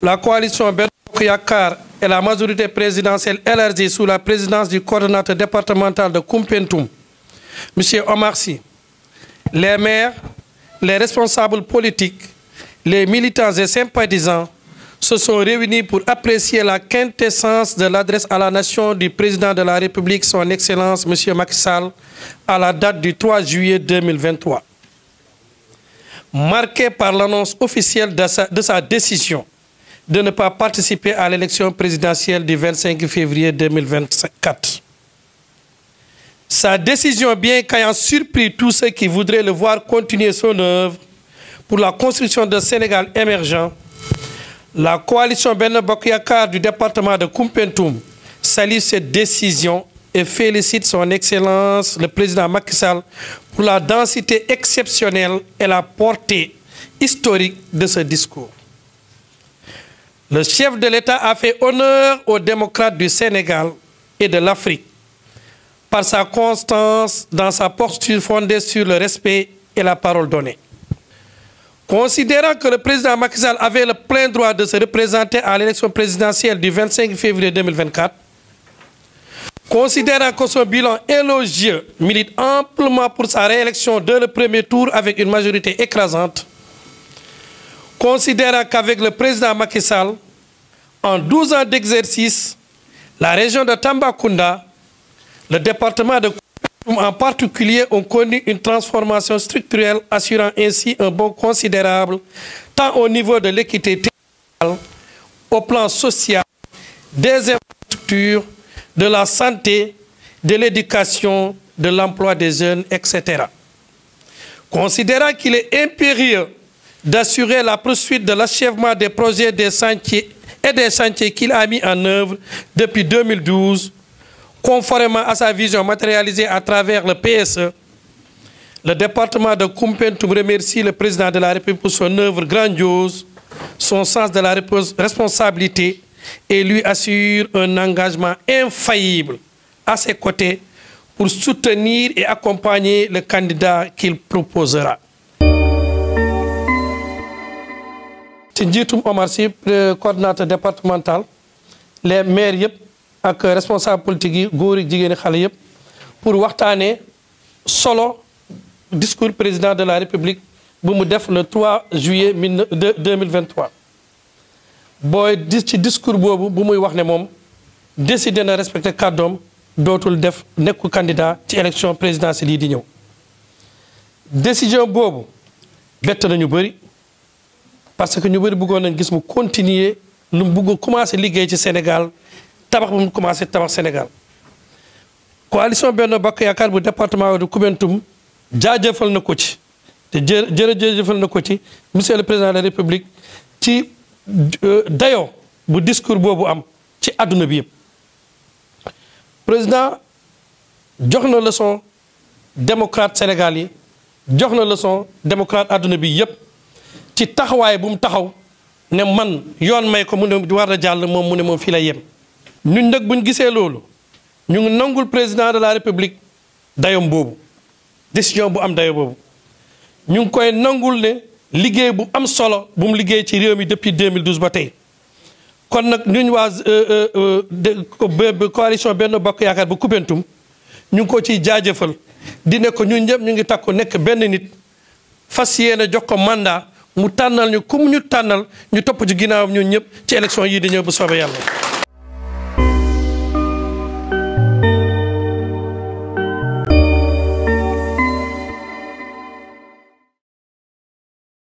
La coalition Bernard et la majorité présidentielle LRG sous la présidence du coordonnateur départemental de Kumpentum, M. Omar Sy, les maires, les responsables politiques, les militants et sympathisants se sont réunis pour apprécier la quintessence de l'adresse à la nation du président de la République, son Excellence M. Macky à la date du 3 juillet 2023. Marqué par l'annonce officielle de sa décision, de ne pas participer à l'élection présidentielle du 25 février 2024. Sa décision, bien qu'ayant surpris tous ceux qui voudraient le voir continuer son œuvre pour la construction d'un Sénégal émergent, la coalition Benno du département de Kumpentoum salue cette décision et félicite son Excellence le président Macky Sall pour la densité exceptionnelle et la portée historique de ce discours le chef de l'État a fait honneur aux démocrates du Sénégal et de l'Afrique par sa constance dans sa posture fondée sur le respect et la parole donnée. Considérant que le président Macky Sall avait le plein droit de se représenter à l'élection présidentielle du 25 février 2024, considérant que son bilan élogieux milite amplement pour sa réélection dès le premier tour avec une majorité écrasante, considérant qu'avec le président Macky Sall, en 12 ans d'exercice, la région de Tambacounda, le département de Koum en particulier, ont connu une transformation structurelle assurant ainsi un bon considérable tant au niveau de l'équité territoriale, au plan social, des infrastructures, de la santé, de l'éducation, de l'emploi des jeunes, etc. Considérant qu'il est impérieux d'assurer la poursuite de l'achèvement des projets des sentiers et des chantiers qu'il a mis en œuvre depuis 2012, conformément à sa vision matérialisée à travers le PSE. Le département de Kumpentum remercie le président de la République pour son œuvre grandiose, son sens de la responsabilité et lui assure un engagement infaillible à ses côtés pour soutenir et accompagner le candidat qu'il proposera. ci njiitum Omar Sy euh, coordinateur départemental les maires et ak responsable politique yi pour waxtaanee solo discours président de la république le 3 juillet 2023. deux discours de bu muy wax décidé de respecter kàddoom def nekku candidat ci élection présidentielle yi di ñew décision boobu bett nañu bari parce que nous voulons nañ gis mu continuer nous mu commencer à l'égalité ci Sénégal tabax commencer, mu commencé tabax Sénégal. coalition Benno Bokk Yaakaar bu département de Koubentoum jaajeufal na ko ci te jere na ci monsieur le président de la république ci euh, dayoo bu discours pour am ci aduna bi président une leçon démocrate sénégalais, joxna leçon démocrate aduna bi ci taxawaay bu mu taxaw ne man yoon may ko mu ne war a jàll moom mu ne moom fii lay yem ñun nag ñu gisee loolu ñu ngi nangul président de la république dayom boobu décision bu am dayo boobu ñu ngi koy nangul ne liggéey bu am solo bu mu liggéey ci réew mi depuis 2012 ba tey kon nag ñu ñun waa euh, euh, euh, coalition benn Bokk Yaakaar ba Koupentoum ñu ngi ko ciy jaajëfal di ne ko ñun ñëpp ñu ngi takku nekk benn nit fas ne jox ko mandat mu tànnal ñu kum ñu tànnal ñu topp ci ginnaawam ñun ñëpp ci élection yii di ñëw bu soobee yàlla.